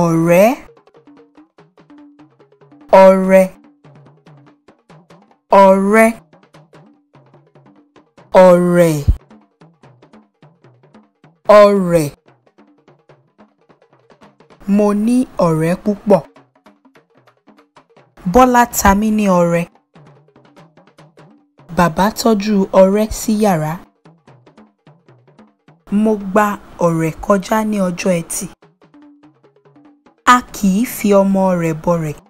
ọ̀rẹ́ ọ̀rẹ́ ọ̀rẹ́ ọ̀rẹ́ ọ̀rẹ́ mo ní ọ̀rẹ́ púpọ̀ Bọ́lá ta mí ní ọrẹ bàbá tọ́jú ọrẹ sí yàrá Mo gba ọ̀rẹ̀ kọjá ní ọjọ́ Ẹtì. A kì í fi ọmọ rẹ̀ bọrẹ̀.